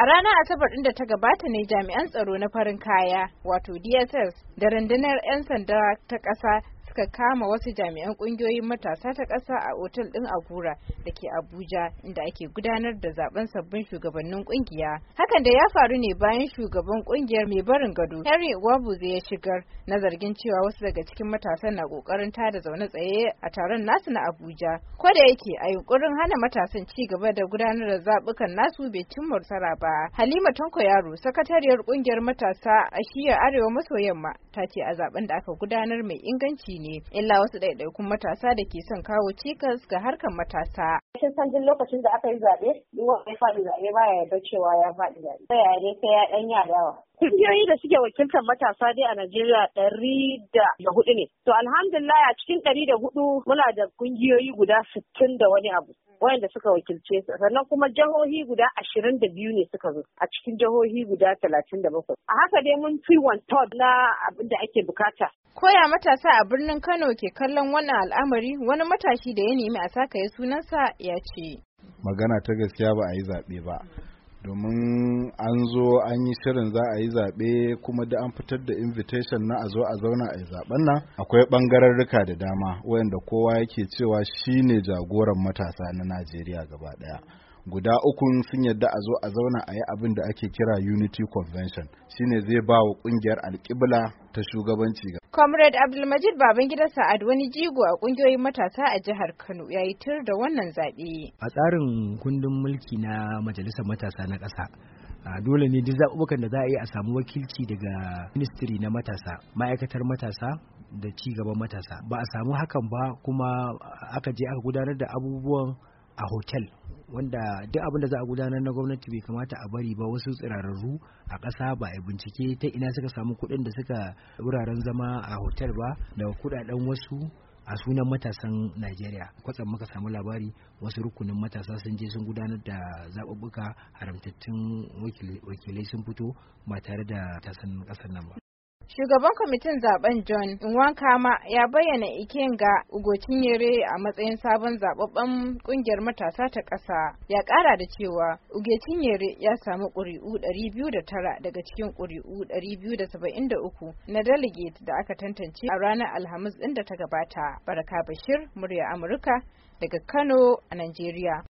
A ranar Asabar ɗin da ta gabata ne jami'an tsaro na farin kaya, wato DSS da rundunar 'yan sanda ta ƙasa aka kama wasu jami'an kungiyoyin matasa ta ƙasa a otal ɗin Agura da ke Abuja inda ake gudanar da zaben sabbin shugabannin kungiya. Hakan da ya faru ne bayan shugaban kungiyar mai barin gado Harry Wabuze ya shigar na zargin cewa wasu daga cikin matasan na kokarin tada zaune tsaye a taron nasu na Abuja. Ko da yake a yunkurin hana matasan ci gaba da gudanar da zabukan nasu bai cimma nasara ba. Halima Tanko Yaro, sakatariyar kungiyar matasa a shiyar Arewa maso yamma, ta ce a zaben da aka gudanar mai inganci ne. ne illa wasu ɗaiɗaikun matasa da ke son kawo cikas ga harkar matasa. Shin san duk lokacin da aka yi zaɓe duk wanda ya faɗi zaɓe ba ya yarda cewa ya faɗi zaɓe. Ko ya dai sai ya ɗan dawa. kungiyoyi da suke wakiltar matasa dai a Najeriya ɗari da hudu ne. To alhamdulillah a cikin ɗari da hudu muna da ƙungiyoyi guda sittin da wani abu. wanda suka wakilce su sannan kuma jihohi guda ashirin da biyu ne suka zo a cikin jihohi guda talatin da bakwai a haka dai mun fi wan third na abin da ake bukata koya matasa a birnin kano ke kallon wannan al'amari wani matashi da ya nemi a sakaye sunansa ya ce magana ta gaskiya ba a yi zaɓe ba domin an zo an yi shirin za a yi zaɓe kuma da an fitar da invitation na a zo a zauna a yi zaɓen nan akwai ɓangararruka da dama wayanda kowa yake cewa shi ne jagoran matasa na najeriya gaba ɗaya guda ukun sun yadda a zo a zauna a yi abin da ake kira unity convention shine zai ba wa kungiyar alkibla ta shugabanci ga comrade abdulmajid babangida sa'ad wani jigo a kungiyoyin matasa a jihar kano ya yi tur da wannan zaɓe a tsarin kundin mulki na majalisar matasa na ƙasa dole ne duk zaɓuɓɓukan da za a yi a samu wakilci daga ministry na matasa ma'aikatar matasa da ci gaban matasa ba a samu hakan ba kuma aka je aka gudanar da abubuwan a hotel wanda duk abin da za a gudanar na gwamnati bai kamata a bari ba wasu tsirararru a ƙasa ba a bincike ta ina suka samu kuɗin da suka wuraren zama a hotel ba da kuɗaɗen wasu a sunan matasan Najeriya kwatsam muka samu labari wasu rukunin matasa sun je sun gudanar da zaɓuɓɓuka haramtattun wakilai sun fito ba tare da tasan ƙasar nan ba. Shugaban kwamitin zaben John Nwankama ya bayyana Ikenga Ugochinyere a matsayin sabon zababben kungiyar matasa ta ƙasa. Ya ƙara da cewa Ugochinyere ya samu ƙuri'u 209 daga cikin ƙuri'u 273 na delegate da aka tantance a ranar Alhamis ɗin da ta gabata. Baraka Bashir, murya Amurka daga Kano a Najeriya.